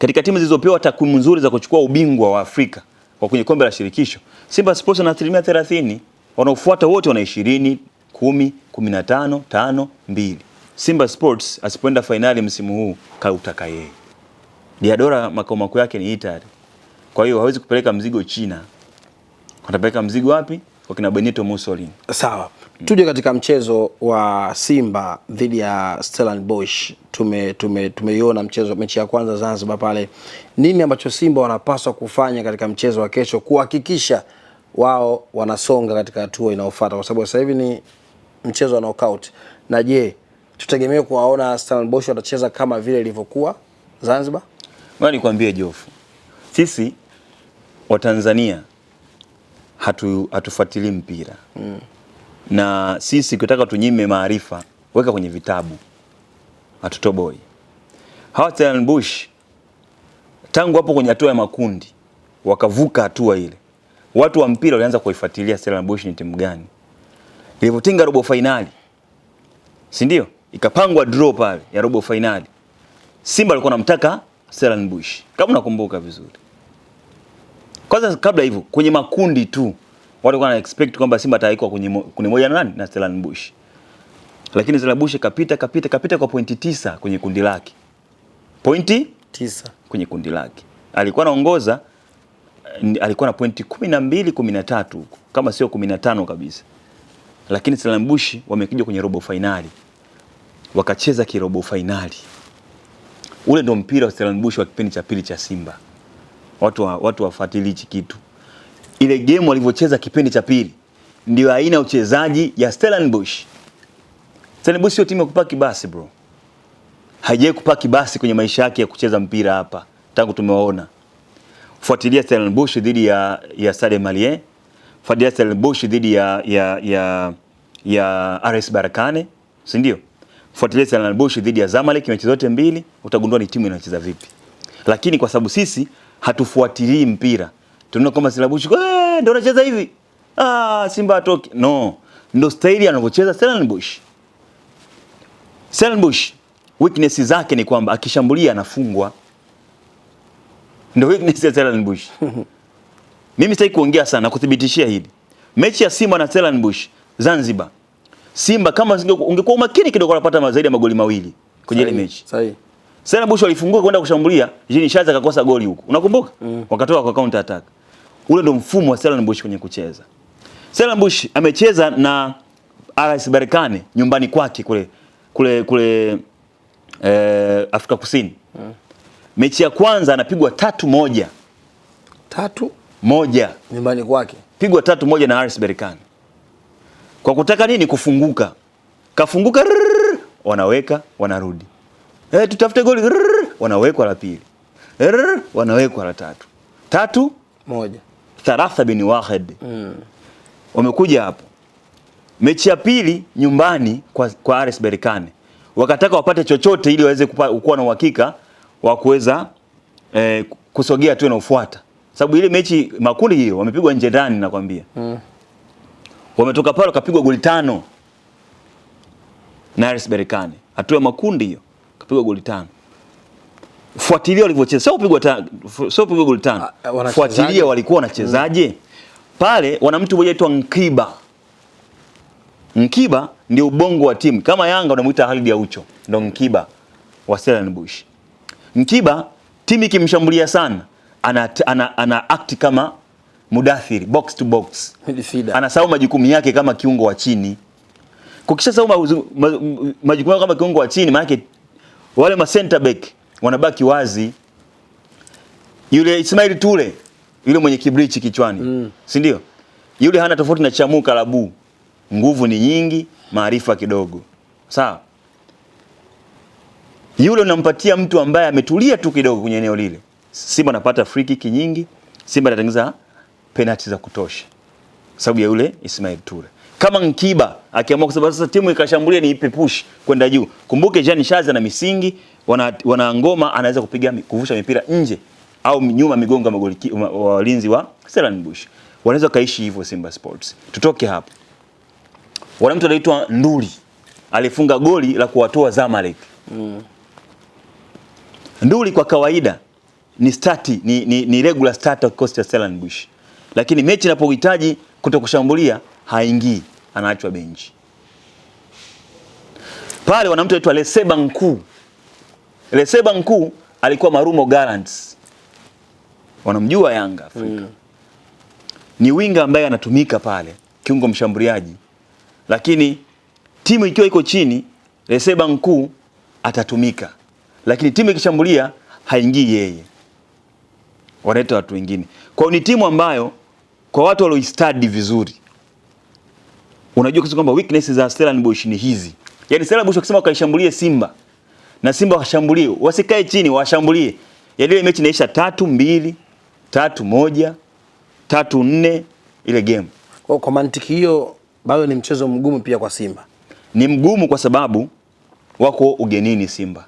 Katika timu zilizopewa takwimu nzuri za kuchukua ubingwa wa Afrika kwa kwenye kombe la shirikisho, Simba Sports ana asilimia 30, wanaofuata wote wana 20, 10, 15, 5, 2. Simba Sports asipoenda fainali msimu huu kautaka yeye. Diadora makao makuu yake ni Italy. Kwa hiyo hawezi kupeleka mzigo China. Atapeleka mzigo wapi? Kwa kina Benito Mussolini. Sawa. Hmm. Tuje katika mchezo wa Simba dhidi ya Stellenbosch tumeiona tume, mchezo mechi ya kwanza Zanzibar pale. Nini ambacho Simba wanapaswa kufanya katika mchezo wa kesho kuhakikisha wao wanasonga katika hatua inayofuata, kwa sababu sasa hivi ni mchezo wa knockout. Na je, tutegemee kuwaona Stellenbosch watacheza kama vile ilivyokuwa Zanzibar? Ngoja nikwambie Jofu, sisi Watanzania hatu hatufuatilii mpira mm. na sisi ukitaka tunyime maarifa weka kwenye vitabu hatutoboi. Stellenbosch tangu hapo kwenye hatua ya makundi wakavuka hatua ile, watu wa mpira walianza kuifuatilia Stellenbosch ni timu gani. Ilivyotinga robo fainali, si ndio? Ikapangwa draw pale ya robo fainali, Simba alikuwa anamtaka Stellenbosch, kama nakumbuka vizuri. Kwanza kabla hivyo kwenye makundi tu walikuwa na expect kwamba Simba ataikwa kwenye kwenye moja na nani na Stellenbosch lakini Zalabushi kapita kapita kapita kwa pointi tisa kwenye kundi lake, pointi tisa kwenye kundi lake. Alikuwa anaongoza, eh, alikuwa na pointi kumi na mbili kumi na tatu kama sio kumi na tano kabisa, lakini Zalabushi wamekuja kwenye robo fainali wakacheza kirobo fainali. Ule ndo mpira wa Stellenbosch wa kipindi cha pili cha Simba. Watu wa, watu wafuatilie hichi kitu. Ile game walivyocheza kipindi cha pili ndio aina ya uchezaji ya Stellenbosch. Stellenbosch sio timu ya kupaki basi bro, haijai kupaki basi kwenye maisha yake ya kucheza mpira hapa tangu tumewaona. Fuatilia Stellenbosch dhidi ya ya Stade Malien, fuatilia Stellenbosch dhidi ya ya ya ya RS Berkane, si ndio? Fuatilia Stellenbosch dhidi ya Zamalek, mechi zote mbili utagundua ni timu inacheza vipi. Lakini kwa sababu sisi hatufuatilii mpira, tunaona kama Stellenbosch eh, ndio anacheza hivi, ah, Simba atoki. No, ndio staili anavyocheza Stellenbosch. Stellenbosch weakness zake ni kwamba akishambulia anafungwa, ndio weakness ya Stellenbosch. Mimi sitaki kuongea sana, kuthibitishia hili mechi ya Simba na Stellenbosch Zanzibar, Simba kama ungekuwa umakini kidogo, unapata zaidi ya magoli mawili kwenye ile mechi. Sahihi. Stellenbosch walifunguka kwenda kushambulia, Jean Charles akakosa goli huko, unakumbuka? Mm. Wakatoka kwa counter attack. Ule ndo mfumo wa Stellenbosch kwenye kucheza. Stellenbosch amecheza na RS Berkane nyumbani kwake kule kule, kule eh, Afrika Kusini hmm. mechi ya kwanza anapigwa tatu moja tatu moja nyumbani kwake, pigwa tatu moja na aris Berikani kwa kutaka nini? Kufunguka, kafunguka rrr, wanaweka wanarudi, eh, tutafute goli rrr, wanawekwa la pili eh, rrr, wanawekwa la tatu tatu moja. thalatha bin Wahid mm. wamekuja hapo Mechi ya pili nyumbani kwa, kwa RS Berkane wakataka wapate chochote ili waweze kuwa na uhakika wa kuweza eh, kusogea tu inaofuata, sababu ile mechi makundi hiyo wamepigwa nje ndani, nakwambia mm. Wametoka pale wakapigwa goli tano na RS Berkane, hatua ya makundi hiyo kapigwa goli tano. Fuatilia walivyocheza, sio kupigwa, sio kupigwa goli tano. Ah, Fuatilia walikuwa wanachezaje mm. Pale wana mtu mmoja aitwa Nkiba Mkiba ndio ubongo wa timu. Kama Yanga unamuita Halid Aucho, ndio mkiba wa Stellenbosch. Mkiba timu ikimshambulia sana ana, ana, ana act kama mudathiri box to box, anasahau majukumu yake kama kiungo wa chini. sahau majukumu yake kama kiungo wa chini, maana wale ma center back wanabaki wazi. Yule Ismail Toure, yule mwenye kibrichi kichwani, mm. si ndio? Yule hana tofauti na Chamu Kalabu nguvu ni nyingi, maarifa kidogo. Sawa? Yule unampatia mtu ambaye ametulia tu kidogo kwenye eneo lile. Simba anapata free kick nyingi, Simba anatengeneza penalti za kutosha. Sababu ya yule Ismail Toure. Kama Nkiba akiamua kwa sababu sasa timu ikashambulia ni ipe push kwenda juu. Kumbuke Jean Shaza na misingi wana, wana ngoma anaweza kupiga kuvusha mipira nje au nyuma migongo ya walinzi wa Stellenbosch. Wanaweza kaishi hivyo Simba Sports. Tutoke hapo wana mtu anaitwa Nduli alifunga goli la kuwatoa Zamalek. Mm. Nduli kwa kawaida ni stati, ni, ni, ni regular starter kikosi cha Stellenbosch, lakini mechi inapohitaji kutokushambulia haingii, anaachwa benchi pale. Wana mtu anaitwa Leseba Nkuu. Leseba Nkuu alikuwa Marumo Gallants, wanamjua Yanga Afrika. Mm. Ni winga ambaye anatumika pale kiungo mshambuliaji lakini timu ikiwa iko chini, reseba mkuu atatumika, lakini timu ikishambulia haingii yeye, wanaita watu wengine. Kwa hiyo ni timu ambayo kwa watu walioistadi vizuri unajua kisa kwamba weakness za Stellan ni hizi. Yaani Stellan Bosch akisema wakaishambulie Simba na Simba washambulie, wasikae chini, washambulie. Yaani ile mechi inaisha tatu mbili, tatu moja, tatu nne ile game. Kwa, kwa mantiki hiyo bado ni mchezo mgumu pia kwa Simba. Ni mgumu kwa sababu wako ugenini Simba,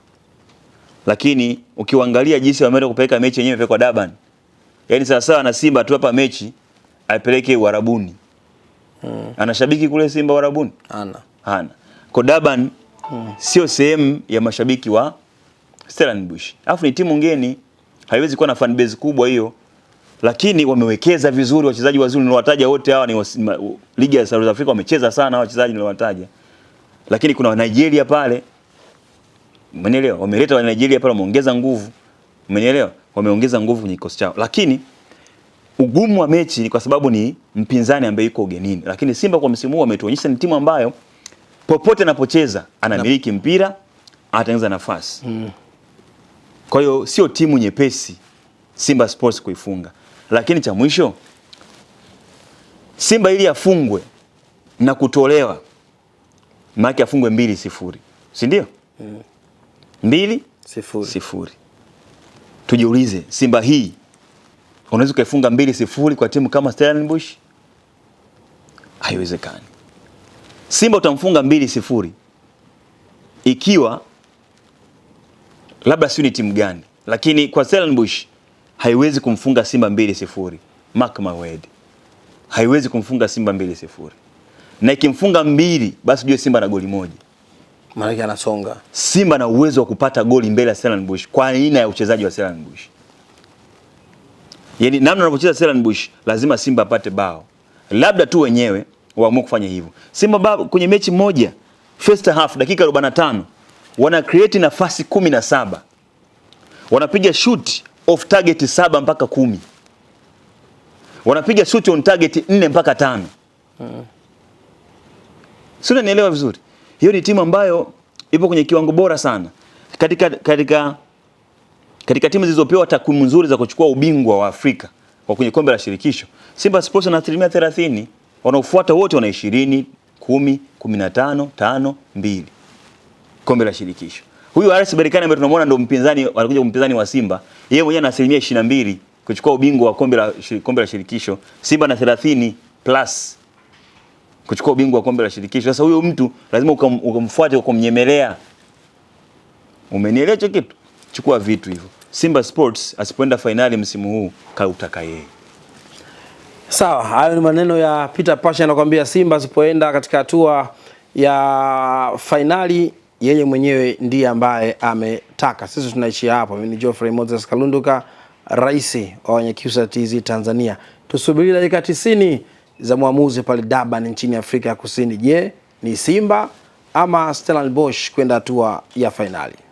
lakini ukiangalia jinsi wameenda kupeleka mechi yenyewe kwa Durban, yaani sawasawa na Simba tu hapa mechi aipeleke Uarabuni. Hmm. Anashabiki kule Simba Uarabuni? Hana. Hana. Kwa Durban hmm, sio sehemu ya mashabiki wa Stellenbosch. Alafu ni timu ngeni, haiwezi kuwa na fan base kubwa hiyo lakini wamewekeza vizuri, wachezaji wazuri niliowataja wote hawa ni ligi ya South Africa wamecheza sana wachezaji niliowataja, lakini kuna Nigeria pale, umenielewa? Wameleta wa Nigeria pale, wameongeza nguvu, umenielewa? Wameongeza nguvu kwenye kikosi chao, lakini ugumu wa mechi ni kwa sababu ni mpinzani ambaye yuko ugenini. Lakini Simba kwa msimu huu ametuonyesha ni timu ambayo popote anapocheza anamiliki mpira, anatengeneza nafasi mm. Kwa hiyo sio timu nyepesi Simba Sports kuifunga. Lakini cha mwisho, Simba ili afungwe na kutolewa, maana afungwe mbili sifuri, si ndio? Mm. mbili sifuri, sifuri. Tujiulize, Simba hii unaweza ukaifunga mbili sifuri kwa timu kama Stellenbosch? Haiwezekani. Simba utamfunga mbili sifuri ikiwa labda siyo ni timu gani, lakini kwa Stellenbosch haiwezi kumfunga Simba mbili sifuri. Mark my word, haiwezi kumfunga Simba mbili sifuri, na ikimfunga mbili basi jue Simba na goli moja, maana anasonga. Simba na uwezo wa kupata goli mbele ya Stellenbosch kwa aina ya uchezaji wa Stellenbosch, yaani namna wanavyocheza Stellenbosch, lazima Simba apate bao, labda tu wenyewe waamue kufanya hivyo. Simba ba, kwenye mechi moja first half dakika 45 wana create nafasi 17 wanapiga shuti off target saba mpaka kumi, wanapiga shoot on target nne mpaka tano. hmm. Sio, unanielewa vizuri? Hiyo ni timu ambayo ipo kwenye kiwango bora sana katika, katika, katika timu zilizopewa takwimu nzuri za kuchukua ubingwa wa Afrika kwa kwenye kombe la shirikisho. Simba Sports na asilimia 30, wanaofuata wote wana 20, 10, 15, 5, 2 kombe la shirikisho. Huyu RS Berkane ambaye tunamwona ndio mpinzani alikuja mpinzani wa Simba. Yeye mwenyewe ana asilimia 22 kuchukua ubingwa wa kombe la kombe la shirikisho. Simba na 30 plus kuchukua ubingwa wa kombe la shirikisho. Sasa huyo mtu lazima ukamfuate kumnyemelea. Umenielewa kitu? Chukua vitu hivyo. Simba Sports asipoenda fainali msimu huu kautaka yeye. Sawa, hayo ni maneno ya Peter Pasha anakuambia Simba asipoenda katika hatua ya fainali yeye mwenyewe ndiye ambaye ametaka. Sisi tunaishia hapo. Mimi ni Geoffrey Moses Kalunduka, rais wa Wanyakyusa TZ Tanzania. Tusubiri dakika tisini za mwamuzi pale Durban nchini Afrika ya Kusini. Je, ni Simba ama Stellenbosch kwenda hatua ya fainali?